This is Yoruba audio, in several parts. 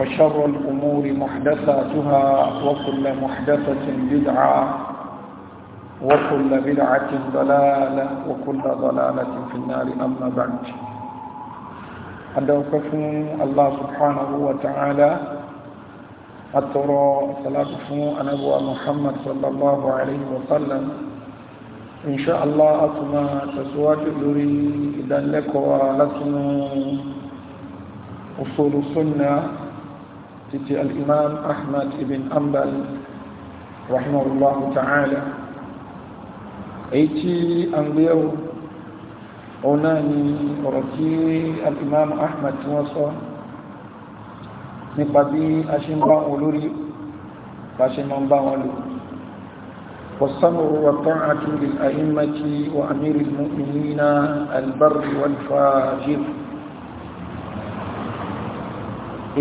وشر الأمور محدثاتها وكل محدثة بدعة وكل بدعة ضلالة وكل ضلالة في النار أما بعد أدوكفون الله سبحانه وتعالى أترى صلاة أنبوى محمد صلى الله عليه وسلم إن شاء الله أتما تسواج لري إذا لك ولكن أصول السنة títí al'imam ahmad ibn ambal rahimahullahu ta'ala èyí tí a ń gbéyàwó ọ̀nà ni ọ̀rọ̀ tí al'imam ahmad tí wọ́n sọ nípa bí a ṣe ń bá wọn lórí bá ṣe máa ń bá wọn lò والسمع والطاعة للأئمة وأمير المؤمنين البر والفاجر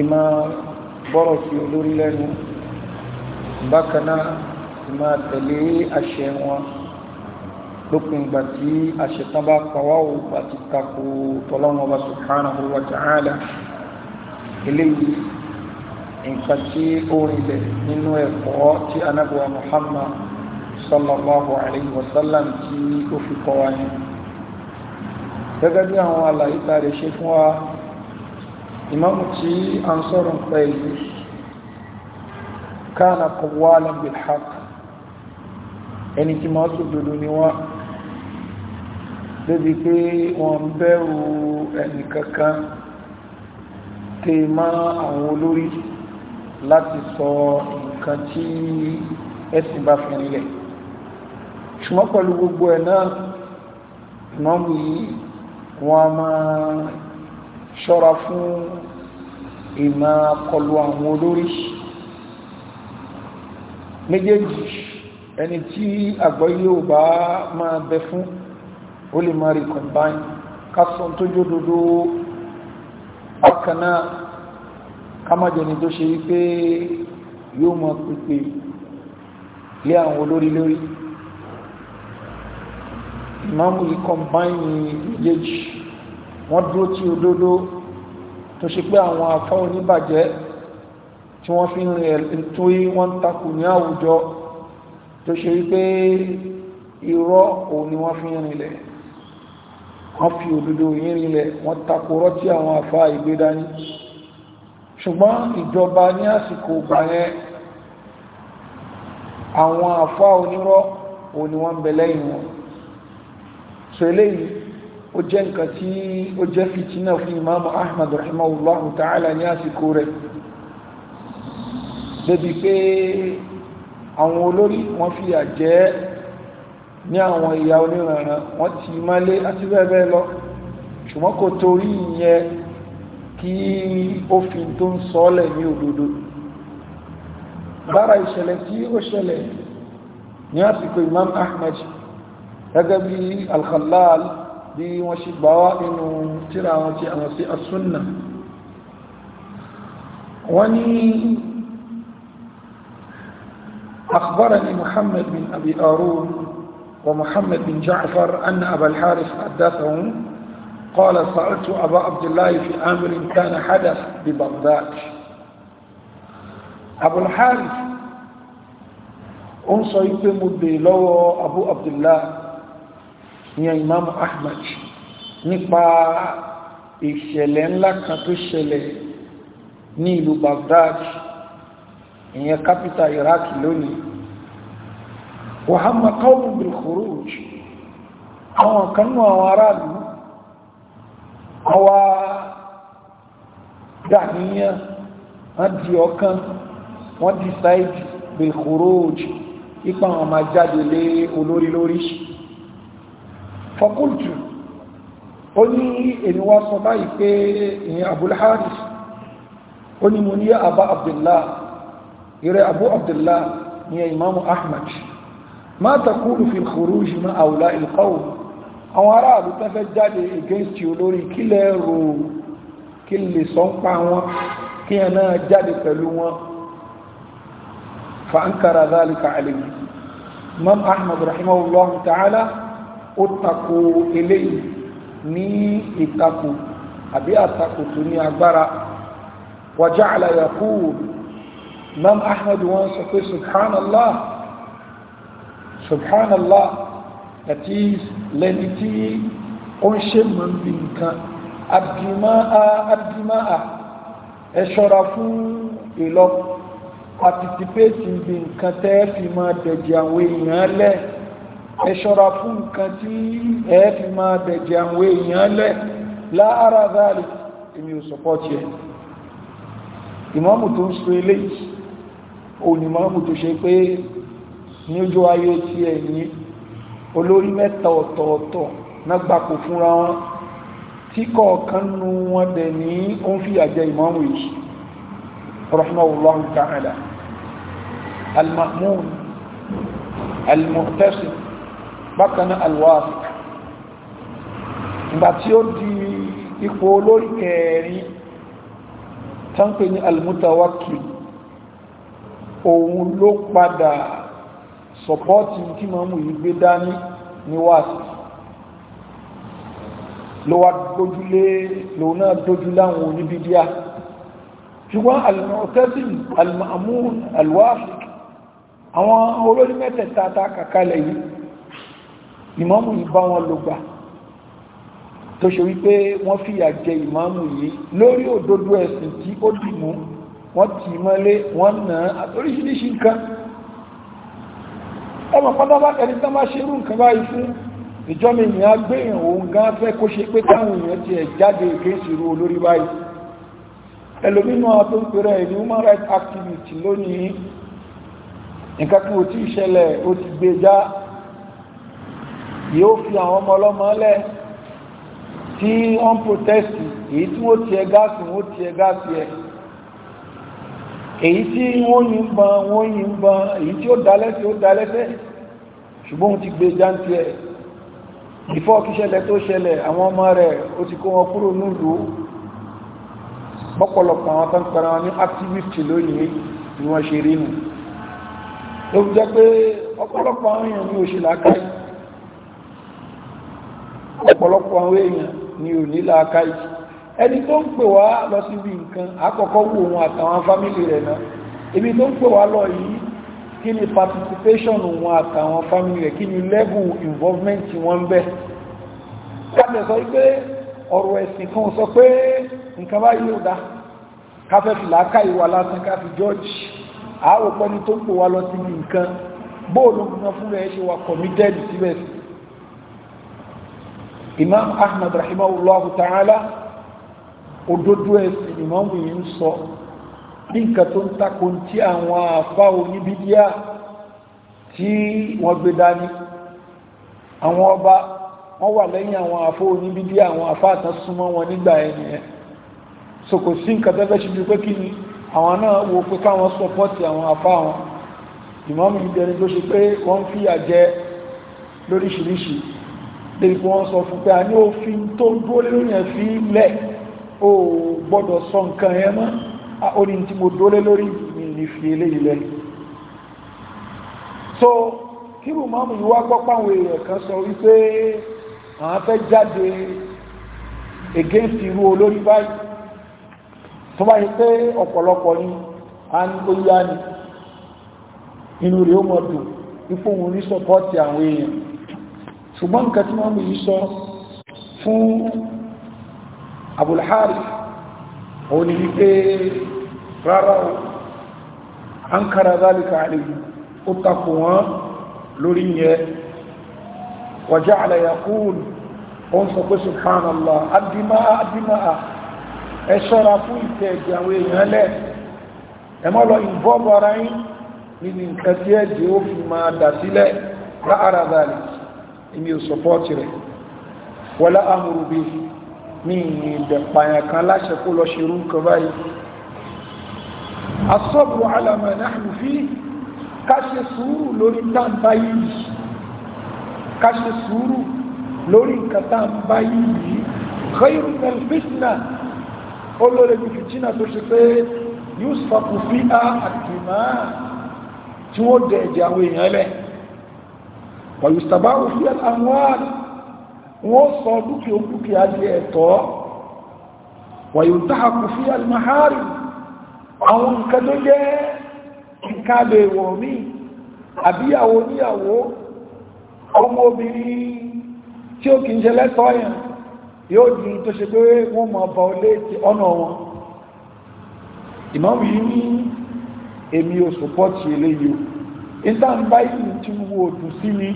إما bọ́rọ̀ sí olórí lẹ́nu bákan náà sì máa tẹ̀lé àṣẹ wọn lópin ìgbà tí àṣetán bá pàwá ò bá ti takò tọ́lọ́wọ́n bá subhanahu wa ta'ala eléyìí nǹkan tí ó rinlẹ̀ nínú ẹ̀kọ́ tí anábọ̀wá Muhammad sallallahu alayhi wa tí ó fi kọ́ wa gẹ́gẹ́ bí àwọn àlàyé tá ṣe fún wa ìmáàmù tí a ń sọ̀rọ̀ pẹ̀ yìí kana qawwalan bil haqq ẹni tí máa sòdodo ni wá débi pé wọ́n bẹ̀rù ẹnì kankan tè má àwọn olórí láti sọ nǹkan tí ẹ̀sìn bá fi nílẹ̀ ṣùgbọ́n pẹ̀lú gbogbo ẹ̀ náà ìmáàmù yìí wọ́n máa ṣọ́ra fún ìmọ̀ kọlu àwọn olórí méjèèjì ẹni tí àgbọ́yé ò bá máa bẹ fún ó lè máa rí combine kásán tó jó dodo ọkànná kámájẹni tó ṣe wípé yóò mọ pípé lé àwọn olórí lórí ìmáàmù yìí combine méjèèjì wọ́n dúró tí òdodo tó ṣe pé àwọn afá oníbàjẹ́ tí wọ́n fi ń rìn ẹ̀ tó yí wọ́n takò ní àwùjọ tó ṣe wípé irọ́ òun ni wọ́n fi ń rìnlẹ̀ wọ́n fi òdodo yìí rìnlẹ̀ wọ́n takorọ́ tí àwọn afá ìgbé ṣùgbọ́n ìjọba ní àsìkò ìgbà àwọn afá onírọ́ òun ni wọ́n bẹ lẹ́yìn ó jẹ́ nǹkan tí ó jẹ́ fìtínà fún imamu ahmad rahimahullahu ta'ala ní àsìkò rẹ̀ débi pé àwọn olórí wọ́n fi àjẹ́ ní àwọn ìyá oníranran wọ́n ti mọ́lé àti bẹ́ẹ̀bẹ́ẹ̀ lọ ṣùgbọ́n kò torí ìyẹn kí ó fi tó ń sọ́ọ́lẹ̀ ní òdodo bára ìṣẹ̀lẹ̀ tí ó ṣẹlẹ̀ ní àsìkò imam ahmad gẹ́gẹ́ bí al bí wọ́n ṣe gbà wá nínú tíra wọn tí àwọn sí asúnnà wọ́n ní أخبرني محمد بن أبي أرون ومحمد بن جعفر أن أبا الحارث حدثه قال سألت أبا عبد الله في أمر كان حدث ببغداد أبو الحارث أنصيت مدي لو أبو عبد الله ní imam ahmad nípa ìṣẹ̀lẹ̀ ńlá kan tó ṣẹlẹ̀ ní ìlú baghdad ìyẹn capital iraq lónìí wàhámà qawmun bil khuruj àwọn kanú àwọn aráàlú àwa dàníyàn wọ́n di ọkàn wọ́n decide bil khuruj ipa àwọn máa jáde lé olórí lórí fọkúltù ó ní èmi wá sọ báyìí pé ìyẹn abúlháàrí ó ní mo ní àbá abdullah ìrẹ́ abú abdullah ní imamu ahmad ma takúrù fi kòrújì ma àwùlá ìlkọ́wù àwọn aráàlú tẹ́fẹ́ jáde against you lórí kílẹ̀ rò kí lè sọ ń pa wọn kí ẹ náà jáde pẹ̀lú wọn fa ń kára imam ahmad rahimahullah ta'ala ó tako eléyìí ní ìtakò àbí àtakò tó ní agbára wa ja'ala yaqulu imam ahmed wọn sọ pé subhanallah subhanallah that is lẹni tí ó ń ṣe mọ̀ bí nǹkan abdimáà abdimáà ẹ ṣọ́ra fún ìlọ participate bí nǹkan tẹ́ fi máa dẹ̀jẹ̀ àwọn èèyàn lẹ́ẹ̀ ẹ ṣọ́ra fún nǹkan tí ẹ fi máa dẹ̀jẹ̀ àwọn èèyàn lẹ̀ láàárá záàlì èmi ò sọpọ́tì ẹ̀ ìmáàmù tó ń sọ eléyìí òun ìmáàmù tó ṣe pé ní ojú ayé tí ẹ̀ ní olórí mẹ́ta ọ̀tọ̀ọ̀tọ̀ náà fúnra wọn tí kọ̀ọ̀kan nu wọn bákan náà alwaf ìgbà tí ó di ipò olórí kẹrin tánpé ní almutawakil òun ló padà sọpọ́tì tí ma mú ìgbé dání ní wáàsì ló wá dójúlé lòun náà dójú láwọn ṣùgbọ́n al-mu'tazil al àwọn olórí mẹ́tẹ̀ẹ̀ta ta kàkálẹ̀ yìí ìmáàmù yìí bá wọn lò gbà tó ṣe wípé wọ́n fìyà jẹ ìmáàmù yìí lórí òdodo ẹ̀sìn tí ó dì mú wọ́n tì í mọ́lé wọ́n nà á oríṣiríṣi nǹkan ọmọ pátá bá ẹni tán bá ṣe irú nǹkan báyìí fún ìjọba ènìyàn agbéyàn òun gan fẹ́ kó ṣe pé táwọn èèyàn ti ẹ̀ jáde ìgbésí irú olórí báyìí ẹlòmínú àtó pèrè ẹni human rights activist lónìí nǹkan kí o ti ṣẹlẹ̀ o ti gbé e já yóò fi àwọn ọmọ ọlọ́mọ lẹ̀ tí wọ́n protesti èyí tí wọ́n ti ẹ gáàsì wọ́n ti ẹ gáàsì ẹ èyí tí wọ́n yìn ban wọ́n yìn ban èyí tí ó dálẹ́sẹ̀ ó dálẹ́sẹ̀ ṣùgbọ́n ti gbé jáǹtì ẹ̀ ìfọ́ kí ṣẹlẹ̀ tó ṣẹlẹ̀ àwọn ọmọ rẹ̀ ó ti kó wọn kúrò nílùú bọ́pọ̀lọpọ̀ àwọn tó ń pẹ̀rẹ̀ wọn ní activist lónìí ni wọ́n ṣe rí nù ló jẹ́ pé ọ̀pọ̀lọpọ̀ àwọn èèyàn ní òṣèlú akáyìí ọ̀pọ̀lọpọ̀ àwọn èèyàn ni ò ní làákàyè ẹni tó ń pè wá lọ síbi nǹkan àkọ́kọ́ wo òun àtàwọn fámílì rẹ̀ náà ibi tó ń pè wá lọ yìí kí ni participation òun àtàwọn fámílì rẹ̀ kí ni level involvement wọn bẹ́ káàdẹ̀ sọ pé ọ̀rọ̀ ẹ̀sìn kan sọ pé nǹkan bá yóò dá káfẹ́ fi làákàyè wa lásán ká fi george àáwòpọ̀ tó ń pè wá lọ síbi nǹkan bóòlù nǹkan fúnra ẹ̀ ṣe wà committed síbẹ̀ sí imam ahmed rahimahullahu ta'ala òdodo ẹ̀sìn imam yìí ń sọ ní nǹkan tó ń takò tí àwọn àfá oníbídíà tí wọ́n gbé dání àwọn ọba wọ́n wà lẹ́yìn àwọn àfá oníbídíà àwọn àfá àtàsúnmọ́ wọn nígbà ẹ̀yẹn so kò sí nǹkan tẹ́fẹ́ ṣe ju pé kí ni àwọn náà wo pé káwọn sọpọ́tì àwọn afá wọn ìmọ́mù ìbẹ̀rẹ̀ tó ṣe pé wọ́n fi àjẹ́ lóríṣìíríṣìí lèyí kí wọ́n sọ fún pé a ní òfin tó dúró lórí ẹ̀ fi lẹ̀ ó gbọ́dọ̀ sọ nǹkan ẹ mọ́ ó ní tí mo dúró lórí mi ní fi eléyìí lẹ̀ so kíru mọ́mù yìí wá gbọ́ páwọn èèyàn kan sọ wípé àwọn fẹ́ jáde against irú olórí báyìí tó bá yẹ pé ọ̀pọ̀lọpọ̀ ni a ní ó yá ni inú rẹ̀ ó mọ̀ dùn ipò òun ní sọpọ́ọ̀tì àwọn èèyàn ṣùgbọ́n nǹkan tí wọ́n mú yí sọ fún Abul Harith òun ni wípé rárá o an kára zálika àlejò ó takò wọ́n lórí yẹ wa ja'ala yaqul òun sọ pé subhanallah adimaa adimaa ẹ ṣọ́ra fún ìtẹ̀ ẹ̀jẹ̀ àwọn èèyàn lẹ̀ ẹ má lọ involve ara yín nínú nǹkan tí ẹ̀jẹ̀ ó fi máa dà sílẹ̀ rárá zálika èmi ò sọpọ́ọ̀tì rẹ̀ wọlá amúrúbí mi ìdẹ̀pàyàn kan láṣẹ kó lọ ṣe irú nǹkan báyìí asọ́bù alàmà náà fi káṣe sùúrù lórí tàǹbá yìí káṣe sùúrù lórí nǹkan tàǹbá yìí khairu minal fitna olóore ní fìtínà tó ṣe pé yusuf fi á àtìmá tí wọ́n dẹ̀ ẹ̀jẹ̀ èèyàn lẹ́ẹ̀ ọ̀yùsàbá òfin àmúhàlì wọ́n sọ dúkìá dúkìá di ẹ̀tọ́ wọ̀yùntà kò fi àmúhàlì àwọn nǹkan tó jẹ́ nǹkan lè wọ̀ mí àbíyàwó níyàwó ọmọ obìnrin tí ó kì í ṣe lẹ́tọ́ yẹn yóò di tó ṣe pé wọ́n mọ̀ bọ̀ lé ti ọ̀nà wọn ìmọ̀ wí ní èmi ò sùpọ́tì eléyìí ìta ń bá ìlú tí wo òdù sí mi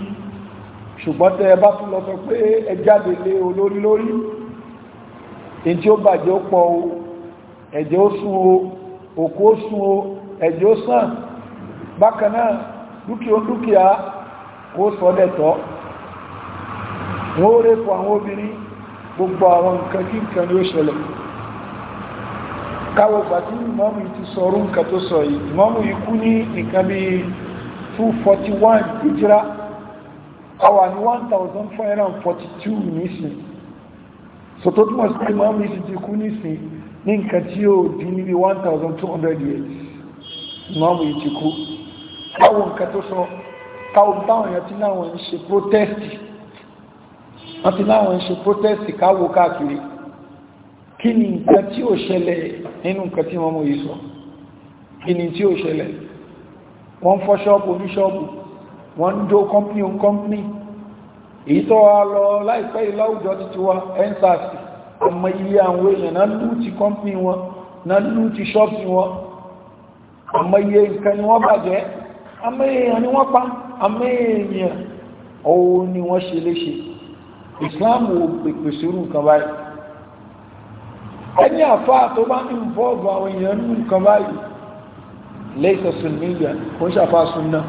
ṣùgbọ́n tẹ́ ẹ bá tún lọ sọ pé ẹ jáde lé olórí lórí èyí tí ó bàjẹ́ ó pọ̀ o ẹ̀jẹ̀ ó sún o òkú ó sún o ẹ̀jẹ̀ ó sàn bákan dúkìá dúkìá ó sọ wọ́n ó rẹ́pọ̀ àwọn obìnrin gbogbo àwọn nǹkan kí nǹkan ni ṣẹlẹ̀ káwọ̀ pàtí ìmọ́mù ti sọrú nǹkan tó sọ yìí ìmọ́mù ikú ní nǹkan bíi 241 ìjírá àwà ní 1442 nísìn so tó túnmọ̀ sí pé máa mú ìsìn ti kú nísìn ní nǹkan tí ó di níbi 1200 years máa mú ìtì kú káwọn nǹkan tó sọ káwọn báwọn yẹn ti láwọn ń ṣe protest wọ́n ti láwọn ṣe protest káwọ káàkiri kí ni nǹkan tí ó ṣẹlẹ̀ nínú nǹkan tí wọ́n mú sọ kí ni tí ó ṣẹlẹ̀ wọ́n fọ́ ṣọ́ọ̀bù ní ṣọ́ọ̀bù wọ́n jó kọ́mpínì ohun kọ́mpínì èyí tó wá lọ láìpẹ́ ìláwùjọ ti tiwa ensars ọmọ iye àwọn èèyàn náà lú ti kọ́mpínì wọn náà lú ti ṣọ́ọ̀bù wọn ọmọ iye nǹkan ni wọ́n pa ẹni àfáà tó bá àwọn lẹ́sẹ̀ sunniya kò ń sunna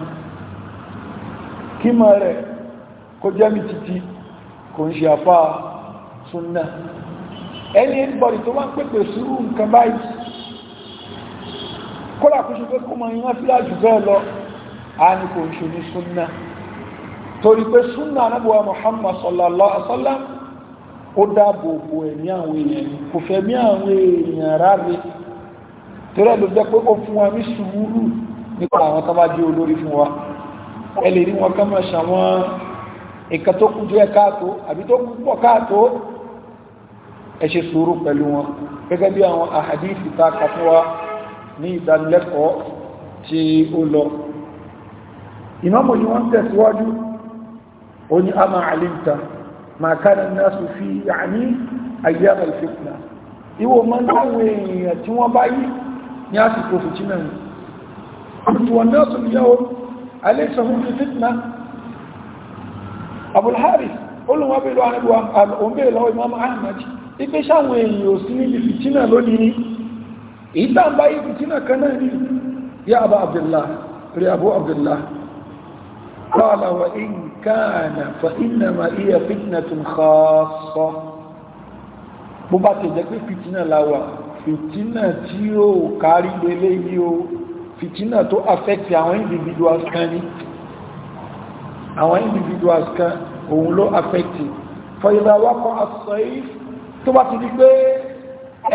kí ma rẹ̀ kó jẹ́mi títí kò ń sunna ẹni ẹnibọ̀dì tó wá ń pèpè sírú nǹkan báyìí kọ́lá kó ṣe pé kó mọ iná fílà jù bẹ́ẹ̀ lọ a ní kò ṣe ní sunna torí pé sunna anábọ̀wá Muhammad sallallahu alaihi wasallam ó dáàbò bo ẹ̀mí àwọn èèyàn kò fẹ́ àwọn èèyàn rárẹ̀ torí ẹ̀ ló jẹ́ pé ó fún wa ní sùúrù nípa àwọn tó bá jẹ́ olórí fún wa ẹ lè rí wọn kán máa ṣàwọn nǹkan tó kù díẹ̀ káàtó àbí tó kù pọ̀ káàtó ẹ ṣe sùúrù pẹ̀lú wọn gẹ́gẹ́ bí àwọn àhàdíìsì ta kà wa ní ìdánilẹ́kọ̀ọ́ tí ó lọ ìmọ́mù ya'ni ayyama al-fitna ìwò mọ́ láwọn èèyàn tí wọ́n bá yìí ní àsìkò fìtínà yìí والناس اليوم أليس هم في فتنة أبو الحارث قل ما بيلو عن أبو بيلو إمام أحمد ipe sáwọn èèyàn ò sí níbi fìtínà lónìí ní ìtàmbá yìí fìtínà kan náà ní ya Abu Abdullah rí Abu Abdullah qala wa in kana fa innama hiya fitnatun khassa bó bá ti pé fìtínà láwàá fìtínà tí ó kárí lélé yí o fìtínà tó affecti àwọn individuals kan ní àwọn individuals kan òun ló affecti fọ́yílá wákọ́ asọ́ yìí tó bá ti di pé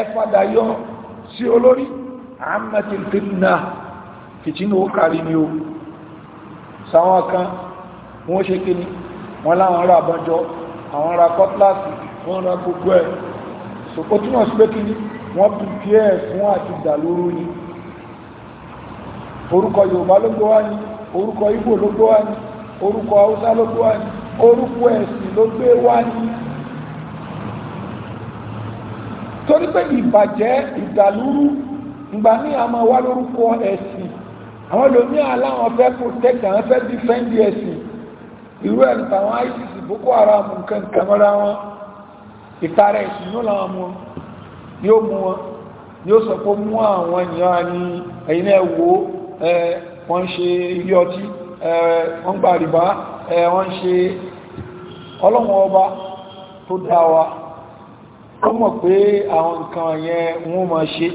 ẹfàdà yọ sí olórí àmàtí fìtínà fìtínà ó kárí ní o sáwọn kan wọ́n ṣe kí ni wọ́n láwọn ra àbájọ àwọn ra kọ́tíláàsì wọ́n ra gbogbo ẹ̀ sòkó sí pé kí ni wọ́n pípí ẹ̀ fún àti dàlóró ni orúkọ yorùbá ló gbówá ní orúkọ ìgbò ló gbówá ní orúkọ haúsá ló gbówá ní orúkọ ẹ̀sìn ló gbé wá ní torí pé ìbàjẹ́ ìdàlúrú ìgbà ní àmọ́ wá lórúkọ ẹ̀sìn àwọn lòmí aláwọn fẹ́ protect àwọn fẹ́ defend ẹ̀sìn irú ẹ̀ tàwọn ISIS Boko Haram nǹkan kàmọ́ra wọn ìtara ẹ̀sìn ló làwọn mú wọn yóò mú wọn yóò sọ pé mú àwọn ènìyàn ní ẹ̀yìn ẹ̀wò wọ́n ṣe ilé ọtí wọ́n gbà rìbá wọ́n ṣe ọlọ́wọ́n ọba tó dá wa ó mọ̀ pé àwọn nǹkan yẹn wọ́n máa ṣe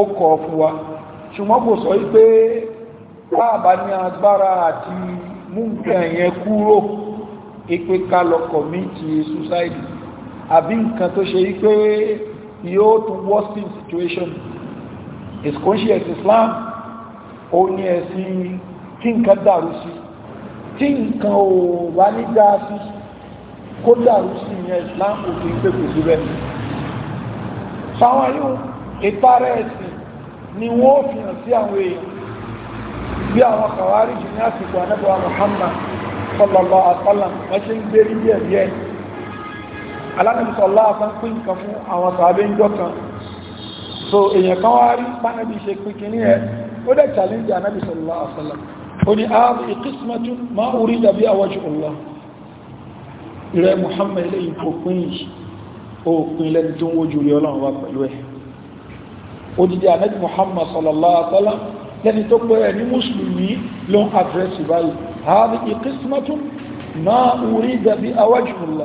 ó kọ̀ fún wa ṣùgbọ́n kò sọ wípé láàbá ní agbára àti mú kúrò ipe ká lọ kọ̀mítì àbí nǹkan tó ṣe wípé yóò tún worsening situation is conscious Islam ó ní ẹ̀sìn tí nǹkan dàrú sí tí nǹkan ò wá ní dáa sí kó dàrú sí ìyẹn Islam ò fi ń pèpè sí rẹ̀ sáwọn yóò ìtara ẹ̀sìn ni wọ́n fi hàn sí àwọn èèyàn bí àwọn kàwárí jù ní àsìkò anábọ̀ Muhammad sallallahu alaihi wasallam wọ́n ṣe ń gbé rí díẹ̀ díẹ̀ alánàbìsọ̀lá kan pín nǹkan fún àwọn sàábé ń jọ́kan so èèyàn kan wá rí pánàbì ṣe pín kí ní ẹ ó dẹ̀ challenge anábìsọ̀lá àṣọ́lá ó ní ààrùn ìkísmẹ́tún ma orí dàbí àwọ́jú ọlá rẹ Muhammad lẹ́yìn òpin yìí òpin lẹ́ni tó ń wójú rí ọlọ́run wá pẹ̀lú ẹ̀ odidi anabi Muhammad sallallahu alaihi wasallam lẹ́ni tó pẹ́ ẹ̀ ní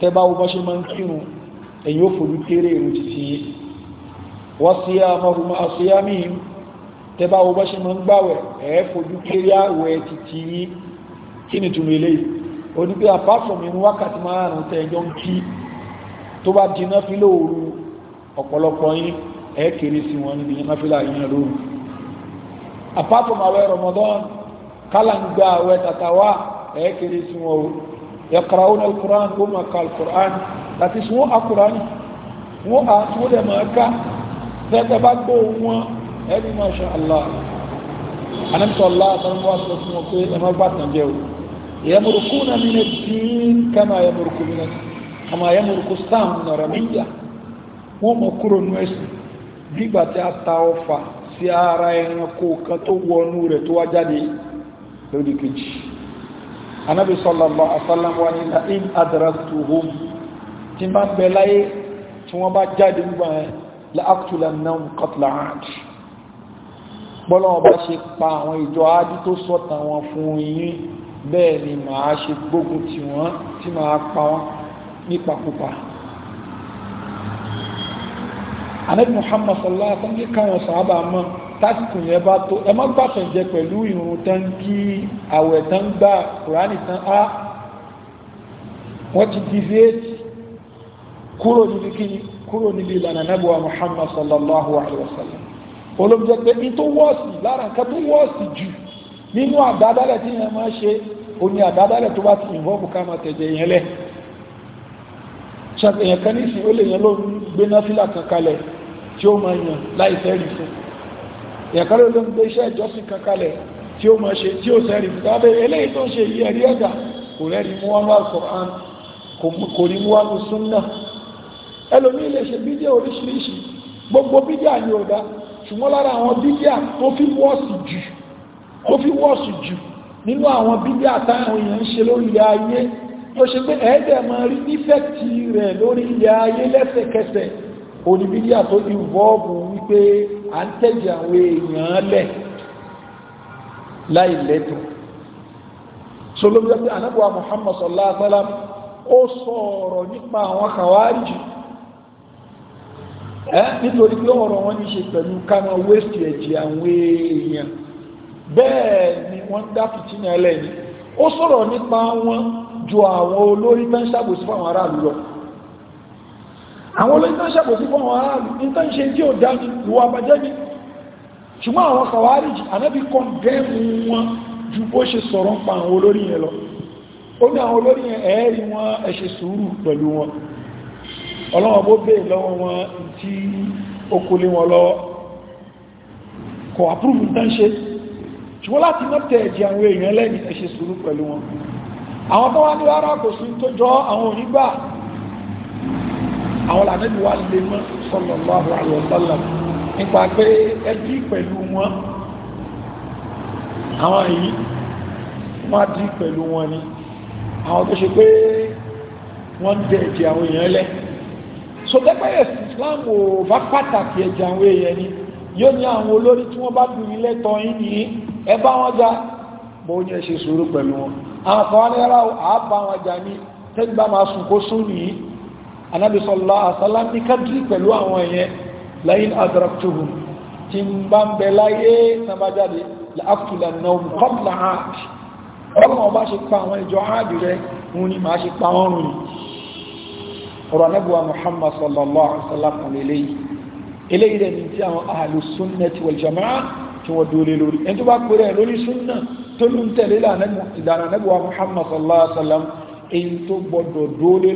tẹ́bá wo bá ṣe máa ń kírun ẹ̀yin ó fojú kéré ìrun títí yìí wọ́n sí àmọ́hùn àṣíyámì tẹ́bá wo bá ṣe máa ń gbàwẹ̀ ẹ̀ fojú kéré àwẹ̀ títí yìí kí ni túnú ilé yìí ó ní pé apart inú wákàtí márùn tẹ́jọ ń kí tó bá di náfílà òru ọ̀pọ̀lọpọ̀ yín ẹ̀ kéré sí wọn níbi náfílà yín lóru apart àwẹ̀ Ramadan kálá ń gba àwẹ̀ tàtàwà ẹ̀ kéré sí wọn o yaqra'una al-Qur'an wọ́n máa ka al-Qur'an àti sùn wọ́n al-Qur'an wọ́n á tí wọ́n dẹ̀ máa ká tẹ́tẹ́ bá gbọ́ wọn ẹni masha Allah anamsọ̀lá àtàwọn aṣọ fún wọn pé ẹ má bá tàn jẹ́ o yamurukuna min ad-din kama yamuruku min kama yamuruku sáà nọ̀rọ̀ níyà wọ́n mọ̀ kúrò nú ẹ̀sìn nígbà tí a ta ọfà sí ara ẹranko kan tó wọnú rẹ̀ tó wá jáde lórí kejì anabi sallallahu alaihi wasallam wa ni na in adraktuhum tí ma bẹ láyé tí wọ́n bá jáde nígbà ẹ̀ la'aqtulannahum qatla 'ad bọ́lọ́wọ́ bá ṣe pa àwọn ìjọ ájú tó sọ́ta wọn fún yín bẹ́ẹ̀ ni màá ṣe gbógun tì wọ́n tí màá pa wọ́n nípakúpa anabi muhammad sallallahu tásìkò yẹn bá tó ẹ má gbàtàn jẹ pẹ̀lú ìrun tán kí àwẹ̀ tán gbà kùránì tán á ah, wọ́n ti deviate kúrò níbi kíni kúrò níbi ìlànà nẹ́bùwà Muhammad sallallahu alayhi wa sallam olóòjẹ́ pé ní tó wọ́ọ̀sì lára nǹkan tó wọ́ọ̀sì jù nínú àdádálẹ̀ tí yẹn máa ṣe o ní àdádálẹ̀ tó bá ti involve ká máa tẹ̀jẹ̀ yẹn lẹ̀ ṣàtẹ̀yẹn kan nísìn ó lè yẹn ló ń gbé náfìlà kan kalẹ̀ tí ó máa yàn láìsẹ́ rí fún un ẹ̀kan ló ń gbé iṣẹ́ ìjọsìn kan kalẹ̀ tí ó mọ̀ ṣe tí ó sẹ́rì fún eléyìí tó ń ṣe yí ẹ̀rí ẹ̀dà kò rẹ́ni mú wọn wá Qur'an kò ní mú wọn súnnà ẹlòmíì lè ṣe bídíà oríṣiríṣi gbogbo bídíà ni ò dá ṣùgbọ́n lára àwọn bídíà tó fi wọ́ọ̀sì jù ó fi wọ́ọ̀sì jù nínú àwọn bídíà táwọn èèyàn ń ṣe lórí ilẹ̀ ayé tó ṣe pé ẹ̀ẹ́dẹ̀ máa rí ífẹ́kì rẹ̀ lórí ilẹ̀ ayé lẹ́sẹ̀kẹsẹ̀ oníbídíà tó involve wípé à ń tẹ̀jẹ̀ àwọn èèyàn lẹ̀ láì lẹ́tọ̀ọ́ solóbi ọdún Muhammad sallallahu alaihi wa sallam ó sọ̀rọ̀ nípa àwọn kàwáàjì nítorí pé ọ̀rọ̀ wọn ní ṣe pẹ̀lú kánà wéṣì ẹ̀jẹ̀ àwọn èèyàn bẹ́ẹ̀ ni wọ́n dá fìtínà ẹlẹ́ni ó sọ̀rọ̀ nípa wọn ju àwọn olórí mẹ́ṣàgbèsí fáwọn aráàlú lọ àwọn olóyìn tó ń ṣàbòsí fún àwọn aráàlú ní tó ń ṣe tí ó dá ní ìwà àbàjẹ́ ní ṣùgbọ́n àwọn kàwárìjì anábì kọ̀ndẹ́mù wọn ju bó ṣe sọ̀rọ̀ ń pa àwọn olórí yẹn lọ ó ní àwọn olórí yẹn ẹ̀ẹ́rì wọn ẹ ṣe sùúrù pẹ̀lú wọn ọlọ́wọ́n bó bèè lọ́wọ́ àwọn lànàbí wà lè mọ́ sallallahu alaihi wasallam nípa pé ẹjí pẹ̀lú wọn àwọn yìí wọ́n dí pẹ̀lú wọn ni àwọn tó ṣe pé wọ́n ń dẹ ẹ̀jẹ̀ àwọn èèyàn lẹ́ so tẹ́pẹ́yẹ̀ Islam ò bá pàtàkì ẹ̀jẹ̀ àwọn èèyàn ni yóò ní àwọn olórí tí wọ́n bá dùn ilé tọ́ yín ní ẹ wọn jà bó ní ẹ ṣe sùúrù pẹ̀lú wọn àwọn kan wá ní rárá àbá wọn jà ní tẹ́gbà máa sùn kó sùn nìyí anábì sallallahu alaihi wasallam ní kádìrí pẹ̀lú àwọn yẹn lẹ́yìn adraktuhum tí ń bá ń bẹ láyé sábájáde láàkùlà náà kọ́pùlà áàdì ọlọ́run ọba ṣe pa àwọn ìjọ áàdì rẹ òun ni màá ṣe pa wọ́n rùn ọ̀rọ̀ anábìwa muhammad sallallahu alaihi wasallam eléyìí eléyìí rẹ̀ ní tí àwọn wal jamaa tí wọ́n dúró lé lórí ẹni tó bá pèrè ẹ̀ muhammad sallallahu alaihi wasallam èyí tó gbọdọ̀ dúró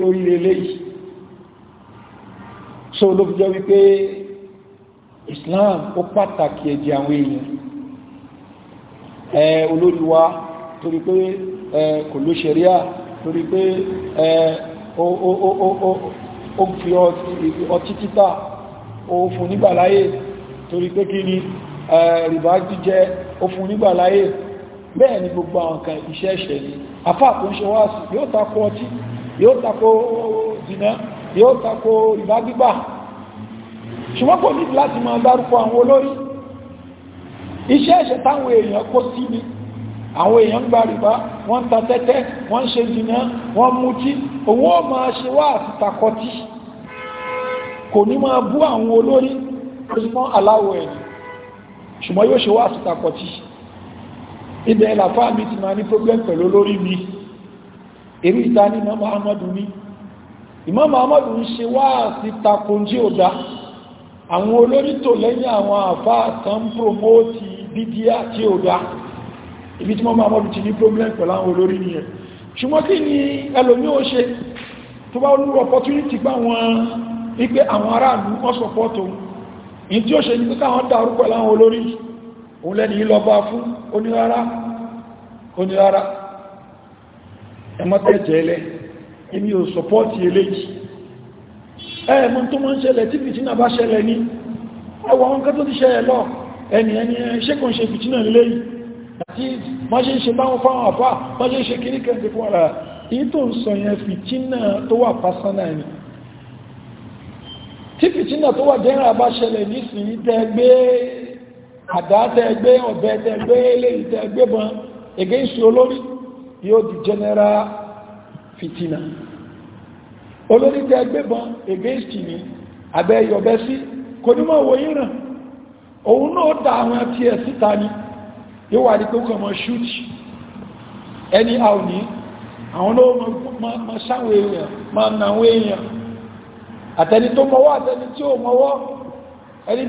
so ló fi jẹ́ wípé Islam ó pàtàkì ẹ̀jẹ̀ àwọn èèyàn ẹ olórí wa torí pé ẹ kò ló ṣẹ̀ríà torí pé ẹ ó fi ọtí títà ó fún nígbàláyè torí pé kí ni rìbá jíjẹ ó fún nígbàláyè bẹ́ẹ̀ ni gbogbo àwọn kan iṣẹ́ ìṣẹ̀lẹ̀ afá ṣe wá sí yóò tako ọtí yóò tako zina yóò tako ìbá gbígbà ṣùgbọ́n kò ní láti máa dárúkọ àwọn olórí iṣẹ́ ẹ̀ṣẹ̀ táwọn èèyàn kó sí ni àwọn èèyàn gba rìbá wọ́n ta tẹ́tẹ́ wọ́n ṣe jìnà wọ́n mutí òun ó máa ṣe wá àti takọtí kò ní máa bú àwọn olórí fún aláwọ̀ ẹ̀yìn ṣùgbọ́n yóò ṣe wá àti takọtí ibẹ̀ làfáà mi ti máa ní problem pẹ̀lú olórí mi èrí ìta ní mọ́mọ́ amadu ní Imam Ahmad ń ṣe wá sí takun tí ó dá àwọn olórí tó lẹ́yìn àwọn àfá kan promoti bídíà tí ó dá ibi tí Imam Ahmad ti ní problem pẹ̀lú àwọn olórí nìyẹn ṣùgbọ́n kí ni ẹlòmí ó ṣe tó bá olú opportunity gbá wọn wípé èmi ò sọpọ́tì eléyìí ẹ̀ẹ̀mọ́ tó mọ́ ń ṣẹlẹ̀ tí fìtínà bá ṣẹlẹ̀ ní ẹwà wọn ká tó ti ṣẹlẹ̀ lọ ẹni ẹni ṣẹ́kùn ṣe fìtínà léyìí àti wọ́n ṣe ń ṣe báwọn fáwọn àfá wọ́n ṣe ń ṣe kiri kẹ́ fún ara èyí tó ń sọ yẹn fìtínà tó wà pásánà ni tí fìtínà tó wà jẹ́rà bá against olórí yóò di general fitina olórí tẹ gbébọn against mi abẹ́ yọ̀bẹ́ sí kò ní mọ̀ wo yí ràn òun náà dá àwọn àti síta ni yóò wà ní pé kọmọ ṣúùtì ẹni a ò ní àwọn náà ma sáwọn èèyàn ma nàwọn èèyàn àtẹni tó mọ́wọ́ àtẹni tí ó mọ́wọ́ ẹni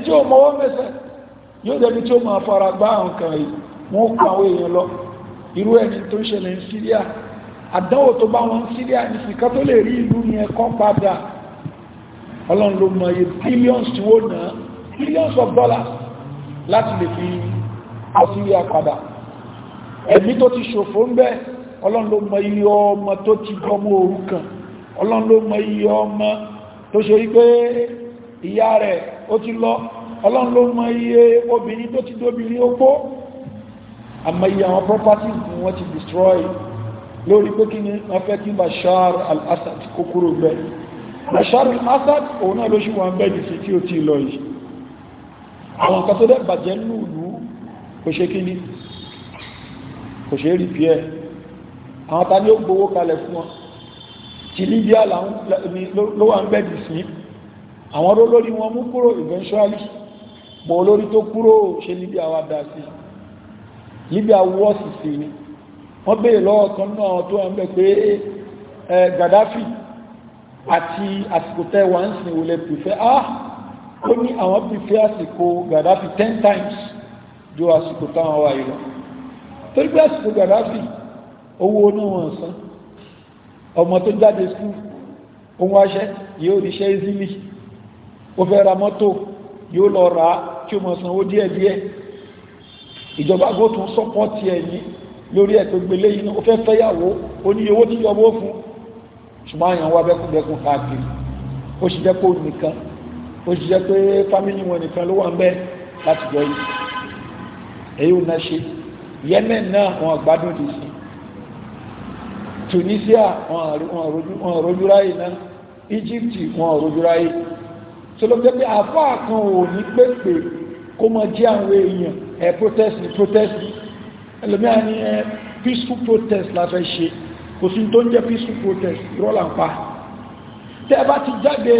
tí ó ma fara gbá àwọn kan yìí wọ́n àwọn èèyàn lọ irú ẹni tó ń ṣẹlẹ̀ àdánwò tó bá wọn síríà ní ìkan tó lè rí ìlú yẹn kọ́ padà ọlọ́run ló mọ iye billions tí ó náà billions of dollars láti lè fi àsíríà padà ẹ̀mí tó ti ṣòfò ń bẹ ọlọ́run ló mọ iye ọmọ tó ti gbọmọ òrukàn ọlọ́run ló mọ iye ọmọ tó ṣe wípé ìyá rẹ̀ ó ti lọ ọlọ́run ló mọ iye obìnrin tó ti dóbìnrin ó gbó àmọ́ iye àwọn properties lórí pé kí ni wọ́n fẹ́ kí Bashar al-Assad kó kúrò bẹ́ Bashar al-Assad òun náà ló ṣì wọ́n bẹ́ẹ̀ nìsí tí ó ti lọ yìí àwọn nǹkan tó bàjẹ́ lùlù kò ṣe kí ni kò ṣe rí pí ẹ àwọn ta ó gbowó kalẹ̀ fún wọn ti Libya ló wà ń bẹ́ẹ̀ sí àwọn olórí wọn mú kúrò eventually mọ̀ olórí tó kúrò ṣe Libya wá dá sí Libya wọ́ọ̀sì sí ni wọ́n bèèrè lọ́wọ́ kan náà tó ń bẹ pé Gaddafi àti àsìkò tẹ́wà ń sin ìwòlẹ̀ pìfẹ́ ah ó ní àwọn pìfẹ́ àsìkò Gaddafi 10 times ju àsìkò táwọn wà yìí lọ torí pé àsìkò Gaddafi owó náà wọ́n san ọmọ tó jáde skul ohun aṣẹ́ yóò ríṣẹ́ ìzílì ó fẹ́ ra mọ́tò yóò lọ ra kí o mọ̀ sanwó díẹ̀díẹ̀ ìjọba gótún sọ́pọ̀ tí ẹ̀yìn lórí ẹ̀ tó gbélé yìí ó fẹ́ fẹ́yàwó ó ní owó tí yọmọ́ fún ṣùgbọ́n àyàn wá bẹ́kùnbẹ́kùn káàkiri ó sì jẹ́ pé òun nìkan ó sì jẹ́ pé fámìlì wọn Tunisia wọn rojú ráyè náà Egypt wọn rojú ráyè tó ló jẹ́ pé àfáà kan ò ní pépè kó mọ jẹ́ àwọn èèyàn ẹ̀ protest ni protest ni ẹlòmíà ní ẹ peaceful protest la fẹ́ ṣe kò sí tó ń jẹ́ peaceful protest rọ́là ń pa tẹ́ ẹ bá ti jáde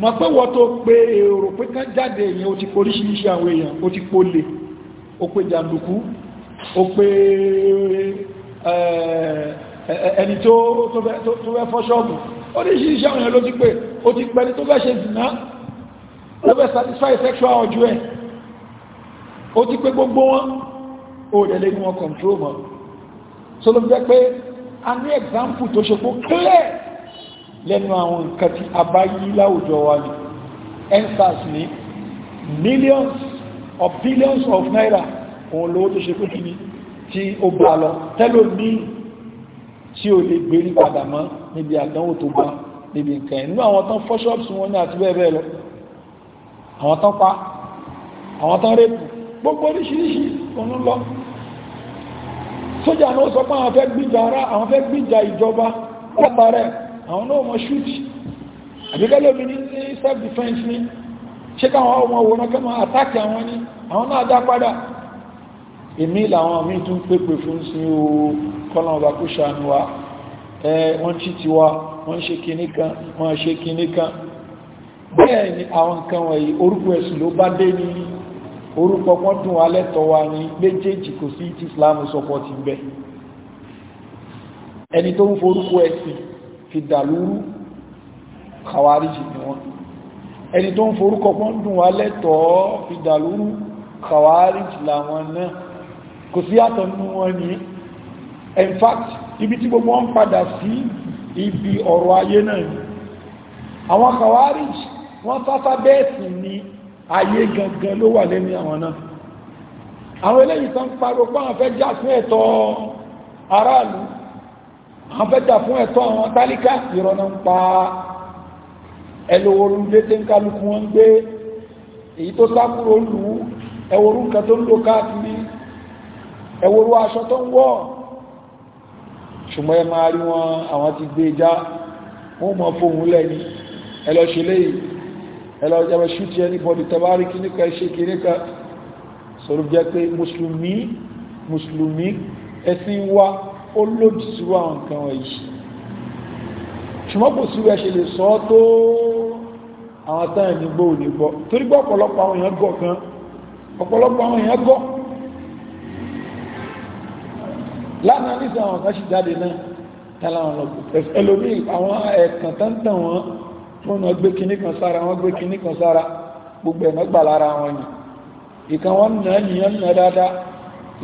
mọ̀ pé wọ́n tó pe èrò pé kán jáde èèyàn ó ti poríṣiríṣi àwọn èèyàn ó ti pólè ó pe jàǹdùkú ó pe ẹni tó fẹ́ fọ́ ṣọ́ọ̀bù oríṣiríṣi àwọn èèyàn ló ti pé ó ti pẹ́ni tó fẹ́ ṣe zìnà ló satisfy sexual ọjọ́ ẹ̀ ó ti pé gbogbo wọn ó dẹ̀lé ní wọn control mọ́ so ló jẹ́ pé a ní example tó ṣe kó clear lẹ́nu àwọn nǹkan tí a bá yí láwùjọ wa ni ensars ní millions of billions of naira òun lówó tó ṣe kó kí ni tí ó bá lọ tẹ́lò ní tí ó lè gbé ní padà mọ́ níbi àdánwò tó bá níbi nǹkan ẹ̀ nínú àwọn tán fọ́ṣọ́ọ̀bù wọn ní àti bẹ́ẹ̀ bẹ́ẹ̀ lọ àwọn tán pa àwọn tán rẹ́pù gbogbo oríṣiríṣi òun lọ sójà náà sọ pé àwọn fẹ́ gbíjà ara àwọn fẹ́ gbíjà ìjọba ọ̀pá rẹ̀ àwọn náà mọ̀ ṣúùtì àbíkẹ́lẹ́ omi ní self defense ní ṣé ọmọ òwòrán kẹ́ àtàkì àwọn ní àwọn náà dá padà èmi làwọn míì tún pépè fún sí o kọ́lọ́n ọba wa ẹ wọ́n ti ti wa wọ́n ṣe kinní kan wọ́n ṣe kinní kan bẹ́ẹ̀ ni àwọn nǹkan wọ̀nyí orúkọ ẹ̀sùn ló bá dé ní orúkọ pọ́n dùn wa lẹ́tọ̀ọ́ wa ní méjèèjì kò sí tí islam sọpọ̀ ti bẹ́ ẹni tó ń forúkọ ẹ̀sìn fi dàlúrú kàwáríjì ni wọ́n ẹni tó ń forúkọ pọ́n dùn wa lẹ́tọ̀ọ́ fi dàlúrú kàwáríjì làwọn náà kò sí àtọ̀ nínú wọn ní in fact ibi tí gbogbo wọn padà sí ibi ọ̀rọ̀ ayé náà ni àwọn kàwáríjì wọ́n sáfá bẹ́ẹ̀sì ni ayé gangan ló wà lẹ́ni àwọn náà àwọn eléyìí tán pariwo pé àwọn fẹ́ jà fún ẹ̀tọ́ aráàlú àwọn fẹ́ jà fún ẹ̀tọ́ àwọn tálíkà ìrọ̀ náà ń pa ẹlòwòrò ń gbé tí ń kálukú wọn ń gbé èyí tó sákúrò lù ú ẹwòrò nǹkan tó ń lò káàkiri ẹwòrò aṣọ tó ń wọ̀ ṣùgbọ́n ẹ máa rí wọn àwọn ti gbé e já wọn mọ̀ fóun lẹ́ni ẹlọ́ṣẹ́lẹ́yìí ẹlọ ìjọba ṣútì ẹnibọdì tẹbárí kíníkà ṣe kíníkà sọ̀rọ̀ jẹ́ pé mùsùlùmí mùsùlùmí ẹ̀sìn wa ó lòdì sí wa nǹkan wọ̀nyí ṣùgbọ́n kò sí wẹ́ ṣe lè sọ ọ́ tó àwọn tán ìnigbó ò ní gbọ́ torí gbọ́ ọ̀pọ̀lọpọ̀ àwọn èèyàn gọ̀ gan ọ̀pọ̀lọpọ̀ lánàá nígbà àwọn kan ṣì jáde náà tẹ́lá àwọn ọlọ́pọ̀ wọ́n náà gbé kinní kan sára wọ́n gbé kinní kan sára gbogbo ẹ̀mọ́ gbà lára wọn yìí ìkan wọn nà nìyàn nà dáadáa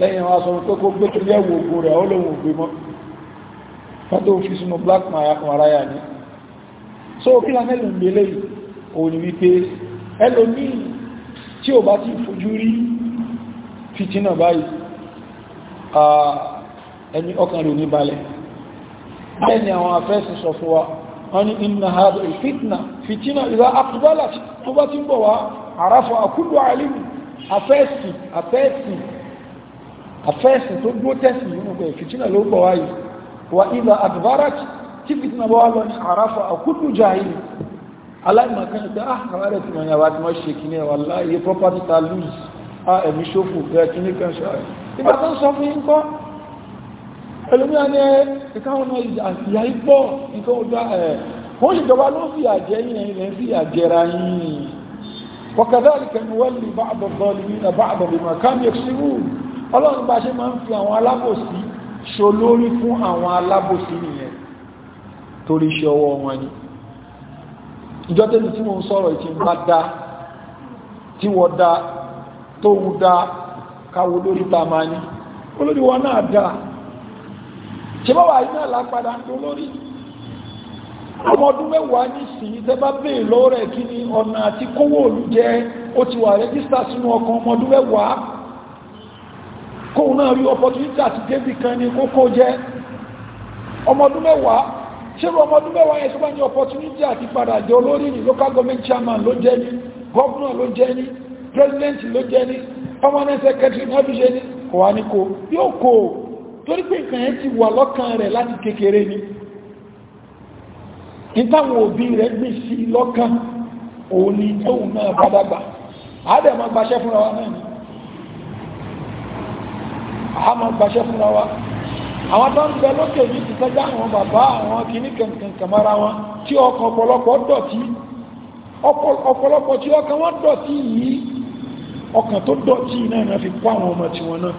lẹ́yìn wọn aṣọ pé kó gbé torí ẹ̀wò ògùn rẹ̀ ó lòun ògbé mọ́ fọ́tò fi sínú black maraya ni so kí la mẹ́lùm gbélé òní wípé ẹlòmíì tí ò bá ti fojú rí fìtínà báyìí ẹni ọkàn rẹ̀ ò ní balẹ̀ bẹ́ẹ̀ ni àwọn afẹ́sìn sọ fún wa wọ́n ni inna hadha fitna fitina ìlà akubala tó bá ti ń bọ̀ wá àràfọ̀ àkúlù àlìmù afẹ́ẹ̀sì afẹ́ẹ̀sì afẹ́ẹ̀sì tó dúró tẹ̀sì nínú pé fitina ló bọ̀ wá yìí wà ìlà adbara tí fitina bọ̀ wá lọ ah, ní àràfọ̀ àkúlù jahili aláìmọ̀kan ìgbà àwọn ẹ̀rẹ̀ tí wọ́n yà wá tí wọ́n ṣe kìíní ẹ̀wà láàyè property ta lose ah, ẹ̀mí ṣòfò bẹ́ẹ̀ kìíní kan ṣe ààrẹ ìgbà sọ fún yín ẹlòmíà ní ìkáwọn eh, náà ìyá ipò nǹkan ojú ẹ eh, wọ́n lè jọba ló fi àjẹ́ yìnyín ilẹ̀ fi àjẹra yìnyín وكذلك bá ṣe máa ń fi àwọn alábòsí fún àwọn alábòsí nìyẹn torí wọn ni ìjọ tí bá dá tí dá tó wù dá lórí máa ní olórí wọn náà dáa ṣe bá wà yìí náà lápadà ń dolórí ọmọ ọdún mẹ́wàá nísìnyí tẹ́ bá bèè lọ́wọ́ rẹ̀ kí ni ọ̀nà àti kówó òlù jẹ́ ó ti wà rẹ́gísítà sínú ọkàn ọmọ ọdún mẹ́wàá kóun náà rí opportunity àti débì kan ní kókó jẹ́ ọmọ ọdún mẹ́wàá ṣẹ́rù ọmọ ọdún mẹ́wàá yẹn tó bá ní opportunity àti padà jẹ́ olórí ní local government chairman ló jẹ́ ní governor ló jẹ́ ní president ló jẹ́ ní permanent secretary náà fi ṣe ní kò wá ní kò yóò kò torí pé nǹkan yẹn ti wà lọ́kàn rẹ̀ láti kékeré ni ìtàwọn òbí rẹ̀ gbìn sí lọ́kàn òun ni tóun náà bá dàgbà àádẹ́ máa gbaṣẹ́ fúnra wa náà ni àá máa gbaṣẹ́ fúnra wa àwọn tó ń bẹ lókè ní ti tẹ́jà àwọn bàbá àwọn kìíní kankan kàmára wọn tí ọkàn ọ̀pọ̀lọpọ̀ dọ̀tí ọ̀pọ̀lọpọ̀ tí ọkàn wọn dọ̀tí yìí ọkàn tó dọ̀tí náà fi kó àwọn ọmọ tiwọn náà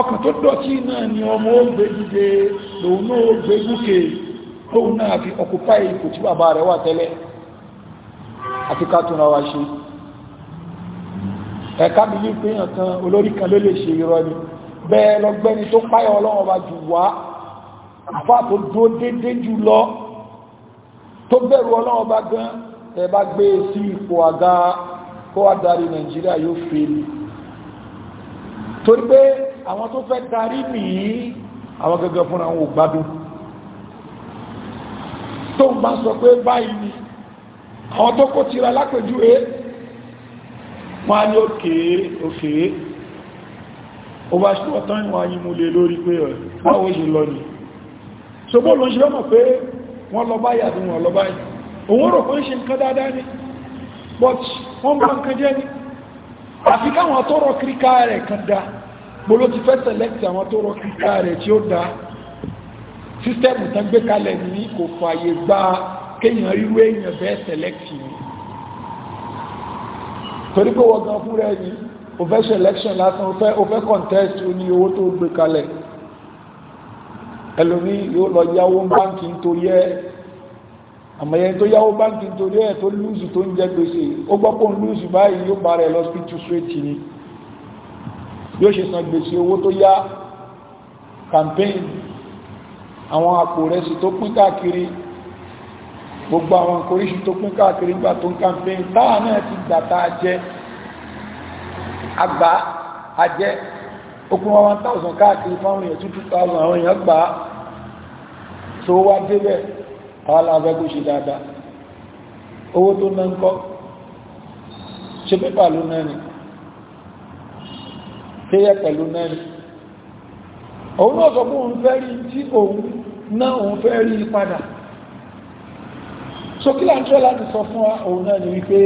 ọkàn tó dọ̀tí náà ni ọmọ ó gbé dìde lòun náà ó gbé gúkè lòun náà fi ọkùpá ipò tí bàbá rẹ̀ wà tẹ́lẹ̀ àti ká wa ṣe ẹ̀ka bí ní pé kan olórí kan ló lè ṣe irọ́ ni bẹ́ẹ̀ lọ́gbẹ́ni tó páyọ̀ ọlọ́run ọba jù wá àfáà tó dúró déédéé jù lọ tó bẹ̀rù e torí pé àwọn tó fẹ́ darí mi àwọn gẹ́gẹ́ fún àwọn ògbádùn tó ń bá sọ pé báyìí ni àwọn tó kó tira lápèjúwe wọ́n á ní òkè òkè ó bá ṣe ọ̀tán ìwọ̀n ayímúlé lórí pé ọ̀ báwo lọ ni ṣogbó ló ń ṣe lọ́mọ̀ pé wọ́n lọ báyìí àti wọ́n lọ báyìí òun rò pé ń ṣe nǹkan dáadáa ni but wọ́n bá nǹkan jẹ́ ni àfi káwọn tọrọ kíríká rẹ̀ kan dáa gbolo ti fẹ́ select àwọn tó rọ kíkà rẹ̀ tí ó dá sísẹ́mù tán gbé kalẹ̀ ní kò fàyè gba kéèyàn ríru èèyàn bẹ́ẹ̀ select ni torí pé wọ́n gan fúnra ẹni o fẹ́ ṣe election lásán o fẹ́ contest o ní owó tó gbé kalẹ̀ ẹlòmí yóò lọ yáwó báńkì nítorí ẹ àmọ̀yẹn tó yáwó báńkì nítorí ẹ tó lùzù tó ń jẹ gbèsè ó gbọ́ pé òun báyìí yóò bá rẹ̀ lọ sí two straight ni yóò ṣe san gbèsè owó tó yá campaign àwọn àpò rẹsì tó pín káàkiri gbogbo àwọn koríṣù tó pín káàkiri nígbà tó ń campaign táà náà ti gbà tá a jẹ àgbà ajẹ́ okun wa 1000 káàkiri fáwọn èèyàn 2000 àwọn èèyàn gbà á tó wá débẹ̀ àwọn alábẹ́gbò ṣe dáadáa owó tó ná ń kọ́ ṣe pépà ló náà ni ṣe yẹ pẹ̀lú mẹ́rin òun náà sọ fún òun fẹ́ rí tí òun náà òun fẹ́ rí padà so kí là ń tẹ́ láti sọ fún òun náà ni wípé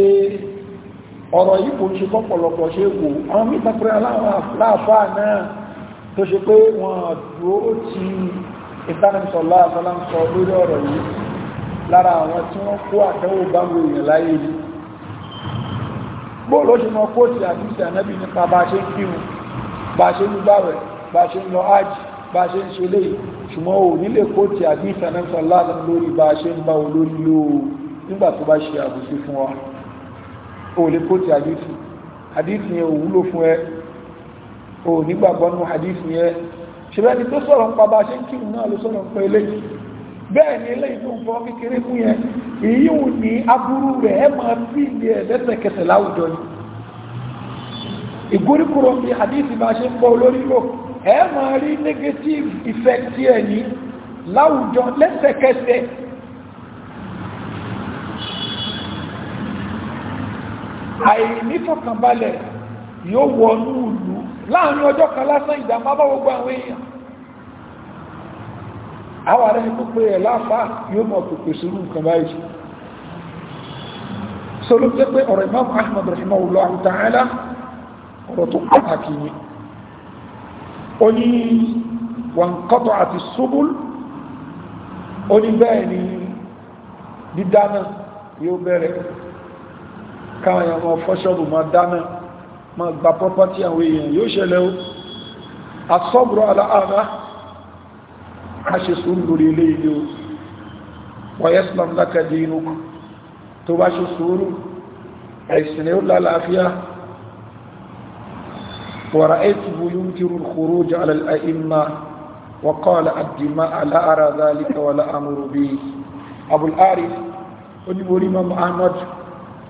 ọ̀rọ̀ yìí kò ń ṣe kọ́pọ̀lọpọ̀ ṣe wò àwọn mítà pẹ̀lú aláàfáà náà tó ṣe pé wọ́n dúró ti ìtànàmìsọ̀lá bá ṣe ń gbàwẹ̀ bá ṣe ń lọ ájì bá ṣe ń ṣe lè ṣùgbọ́n ò nílé kó ti àbí ìsànẹ́sọ láàrín lórí bá ṣe ń bá olórí lóò nígbà tó bá ṣe àbùsí fún wa ò lè kó ti àdìsí àdìsí yẹn ò wúlò fún ẹ ò nígbàgbọ́ nú àdìsí yẹn ṣùgbọ́n ẹni tó sọ̀rọ̀ ń pa bá ṣe ń kírun náà ló sọ̀rọ̀ ń pa eléyìí bẹ́ẹ̀ ni eléyìí tó ń fọ́ kékeré fún yẹn ìgúríkúrò bí hadith máa ṣe ń bọ́ olórí lò ẹ máa rí negative effect ẹ̀ ní láwùjọ lẹ́sẹ̀kẹsẹ̀ àìnífọ̀kànbalẹ̀ yóò wọnú ìlú láàrin ọjọ́ kan lásán ìdàmà bá gbogbo àwọn èèyàn àwọn ará ẹni púpọ̀ ẹ̀ láfá yóò mọ̀ pẹ̀pẹ̀ sí irú nǹkan báyìí sọ́lọ́ pé ọ̀rọ̀ Imam Ahmad rahimahullah ta'ala ọ̀rọ̀ tó pàtàkì ni ó ní wọn kọ́tọ̀ àti ṣubúl ó ní bẹ́ẹ̀ ni dídáná yóò bẹ̀rẹ̀ káwọn èèyàn máa fọ́ṣọ́bù máa dáná máa gba pọ́pọ́tì àwọn èèyàn yóò ṣẹlẹ̀ ó asọ́bùrọ̀ aláàrá a ṣe sùúrù lórí ilé ilé o wọ́yẹ́sìlọ́m lákàdé inú tó bá ṣe sùúrù ẹ̀sìn ni ó lálàáfíà ورأيته ينكر الخروج على الأئمة وقال الدماء لا أرى ذلك ولا أمر به أبو العارف ونقول إمام أحمد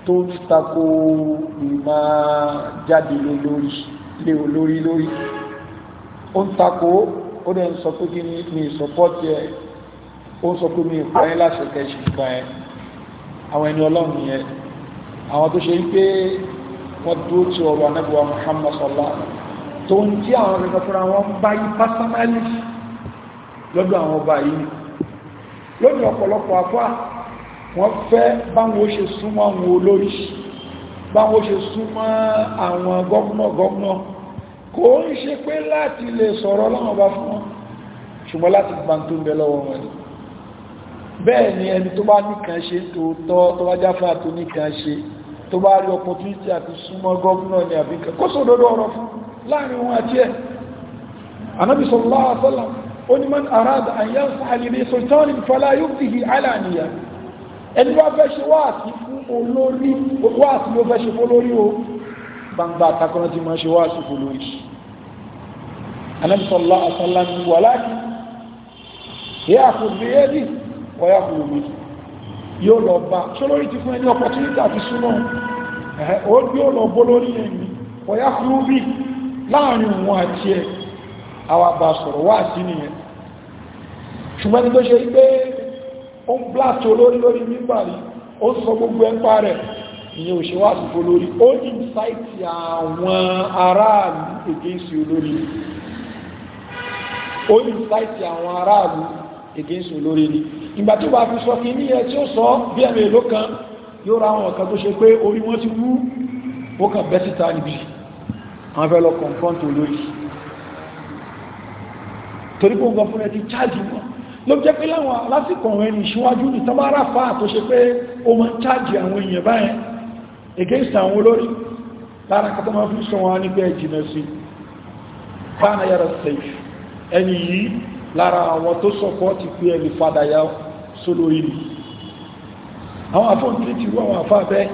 تنستقو بما جدي لوري لوري لوري ó ń takò ó dẹ̀ ń sọ pé kí ni ó sọ pé mi ìpa ẹ́ láṣẹ kẹṣì gbà ẹ́ àwọn ẹni ọlọ́run yẹn àwọn tó ṣe wípé wọ́n dúró tí Muhammad sọ̀lá tó ń tí àwọn ọ̀rẹ́ fúnra wọn bá yí pásánálì lọ́dọ̀ àwọn ọba yìí lónìí ọ̀pọ̀lọpọ̀ afá wọ́n fẹ́ báwọn ó ṣe súnmọ́ àwọn olórí báwọn ó ṣe súnmọ́ àwọn gọ́gùnà gọ́gùnà kò ń ṣe pé láti lè sọ̀rọ̀ láwọn bá fún wọn ṣùgbọ́n láti gbà tó ń bẹ lọ́wọ́ wọn ni bẹ́ẹ̀ ni ẹni tó bá níkan ṣe tòótọ́ tó bá jáfà tó ṣe tó bá rí opportunity àti súnmọ́ gọ́ọ̀nà ní àbíkẹ́ kó sódódó ọ̀rọ̀ fún láàrin wọn àti ẹ̀ anábi sallallahu alaihi wasallam ó ní man arada an yansaha li sultanin fala yubdihi alaniya ẹni wá fẹ́ ṣe wáàsí fún olórí wáàsí ló fẹ́ ṣe fún olórí o gbangba àtakọ́nà ti yóò lọ bá ti fún ẹni opportunity àti súnmọ́ ẹ̀ ó yóò lọ bó lórí ẹ̀mí ọ̀yá kúrú bí láàrin òun àti ẹ̀ àwọn sọ̀rọ̀ wá sí ṣùgbọ́n tó ṣe pé ó ń blast olórí lórí nígbà ó sọ gbogbo ìyẹn ò ṣe ìgbà tí ó bá fi sọ kí ní ẹ tí ó sọ bí ẹ̀mẹ̀ èlò kan yóò ra àwọn ọ̀kan tó ṣe pé orí wọ́n ti wú ó kàn bẹ́ síta níbi àwọn fẹ́ lọ kọ̀ǹkọ́ǹtò lórí torí pé ògbọ́n fún ẹ ti chájì wọn ló jẹ́ pé láwọn lásìkò ẹni against àwọn olórí lára kọ́tọ́ máa fi sọ wọn nígbẹ́ safe ẹni yìí lára àwọn tó sọpọ́ ti pé ẹni padà yá sólórí ni àwọn afọ́n tí ti wọ́n wọ́n fàbẹ́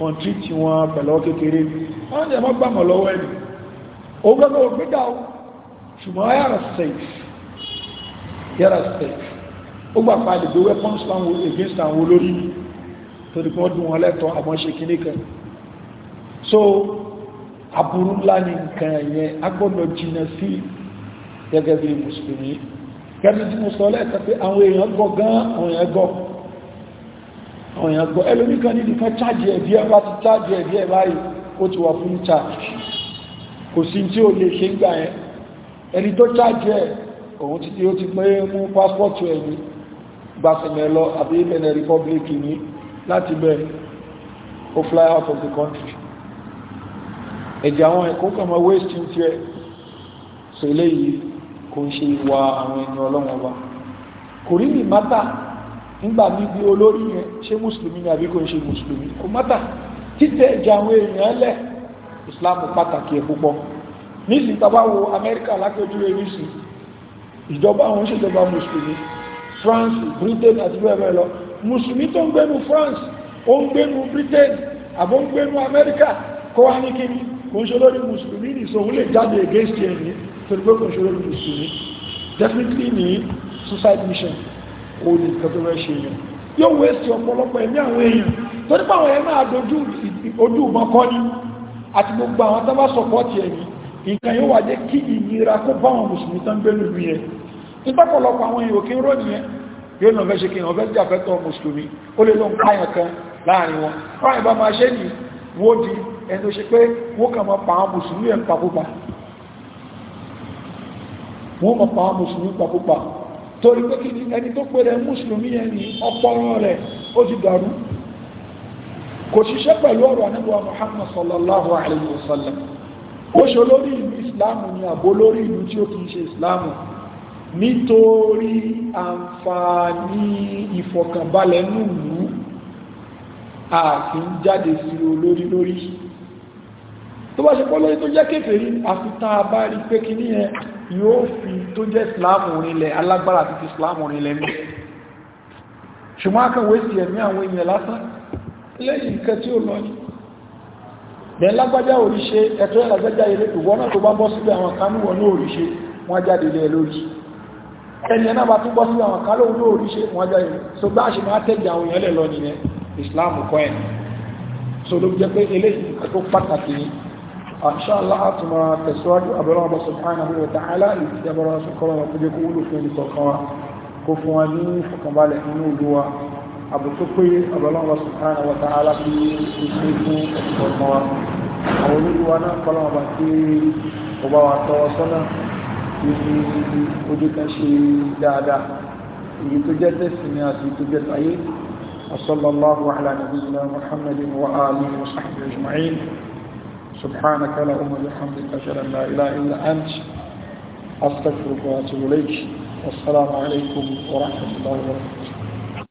wọ́n tí ti wọ́n pẹ̀lọ́ kékeré wọ́n jẹ́ mọ́ gbàmọ̀ lọ́wọ́ ẹni ó gbẹ́gbẹ́ ògbédà ó ṣùgbọ́n yára safe yára safe ó gbà so aburú ńlá ni gẹ́gẹ́ bí mùsùlùmí kẹ́mi tí mo sọ lẹ́ẹ̀kan pé àwọn èèyàn gọ́ gan àwọn èèyàn gọ́ àwọn èèyàn gọ́ ẹlòmí kan nínú kan chájì ẹ̀bí ẹ̀ bá ti chájì ẹ̀bí ẹ̀ báyìí ó ti wà fún chájì kò sí tí ó lè ṣe ń gbà yẹn ẹni tó chájì ẹ̀ òun ti tí ó ti pé mú pásítọ̀tù ẹ̀mí gbàsẹ̀mẹ̀ lọ àbí ilẹ̀ republic ní láti bẹ̀rẹ̀ ó fly out of the country ẹ̀jẹ̀ àwọn ẹ̀kọ́ kan mọ́ waste ń tiẹ̀ sọ eléyìí kò ń ṣe ìwà àwọn ẹni ọlọ́wọ́n wa kò rí ní mátà nígbà bíbí olórí yẹn ṣé mùsùlùmí ni àbí kò ń ṣe mùsùlùmí kò mátà títẹ̀ ẹ̀jẹ̀ àwọn èèyàn lẹ̀ islam pàtàkì ẹ̀ púpọ̀ nísìn tàbá amẹ́ríkà lápẹ́jú eréṣì ìjọba àwọn òṣèjọba mùsùlùmí france britain àti bẹ́ẹ̀ bẹ́ẹ̀ lọ mùsùlùmí tó ń gbénu france ó ń gbénu britain àbó ń gbénu amẹ́ríkà kó wá ní kíní kò ń ṣe lórí mùsùlùmí nìsọ lè jáde against ẹ̀ torí pé kò ṣe olóògùn mùsùlùmí definitely ní suicide mission ó ní nǹkan tó fẹ́ ṣe yẹn yóò wéṣì ọ̀pọ̀lọpọ̀ ẹ̀mí àwọn èèyàn torí pé àwọn èèyàn náà dojú ojú ìmọ̀kọ́ ni àti gbogbo àwọn tó bá sọ̀pọ̀tì ẹ̀mí nǹkan yóò wà jẹ́ kí ìnira kó bá àwọn mùsùlùmí tán gbé lùlù yẹn ìpápọ̀lọpọ̀ àwọn èèyàn òkè rọ́ nìyẹn yóò lọ fẹ́ ṣe kí wọ́n fẹ́ jà fẹ́tọ̀ mùsùlùmí ó lè lọ ń pààyàn kan láàrin wọn ráyìn bá máa ṣe ní wó di ẹni ó ṣe pé wó kàn máa pa àwọn mùsùlùmí ẹ̀ pàpúpa wọ́n mọ̀ pa mùsùlùmí pàpúpà torí pé kí ni ẹni tó pèrè mùsùlùmí ẹni ọpọlọ rẹ̀ ó ti dàrú kò ṣiṣẹ́ pẹ̀lú ọ̀rọ̀ anábọ̀ Muhammad sallallahu alayhi wa sallam ó ṣe olórí ìlú islamu ni àbó lórí ìlú tí ó kìí ṣe islamu nítorí àǹfààní ìfọ̀kànbalẹ̀ nùlú àti ń jáde sí olórí lórí tó bá ṣe pọ́ lórí tó jẹ́ kéfèrí àfitá bá rí pé kí ní ẹ yóò fi tó jẹ́ islam orinlẹ̀ alágbára àti islam orinlẹ̀ ní ṣùgbọ́n akọ̀wé sí ẹ̀mí àwọn èèyàn lásán lẹ́yìn nǹkan tí ó lọ ní bẹ̀ẹ̀ lágbájá oríṣẹ́ ẹ̀tọ́ ìlàgbájá ilé ìwọ́n náà tó bá bọ́ sílẹ̀ àwọn kan níwọ̀n ní oríṣẹ́ wọ́n jáde ilẹ̀ lórí ẹni ẹ̀nà bá tún bọ́ sílẹ̀ àwọn kan lóhun ní oríṣẹ́ wọ́n jáde so bá ṣe máa tẹ́jì àwọn èèyàn lẹ̀ lọ nìyẹn islam kọ́ ẹ̀ so ló jẹ́ pé eléyìí tó pàtàkì yìí inshallah àtùmọ̀ tẹ̀síwájú abẹ́rẹ́ ọmọ subhanahu wa ta'ala ìtì abẹ́rẹ́ sọ́kọ́rọ̀ wọn kújẹ́ kó wúlò fún ẹni kọ̀ọ̀kan wa kó fún wa ní fọkànbalẹ̀ nínú ìlú wa àbùtó pé abẹ́rẹ́ وصلى الله على نبينا محمد وآله وصحبه أجمعين سبحانك لا وبحمدك اشهد أجل لا اله الا انت استغفرك واتوب اليك والسلام عليكم ورحمه الله وبركاته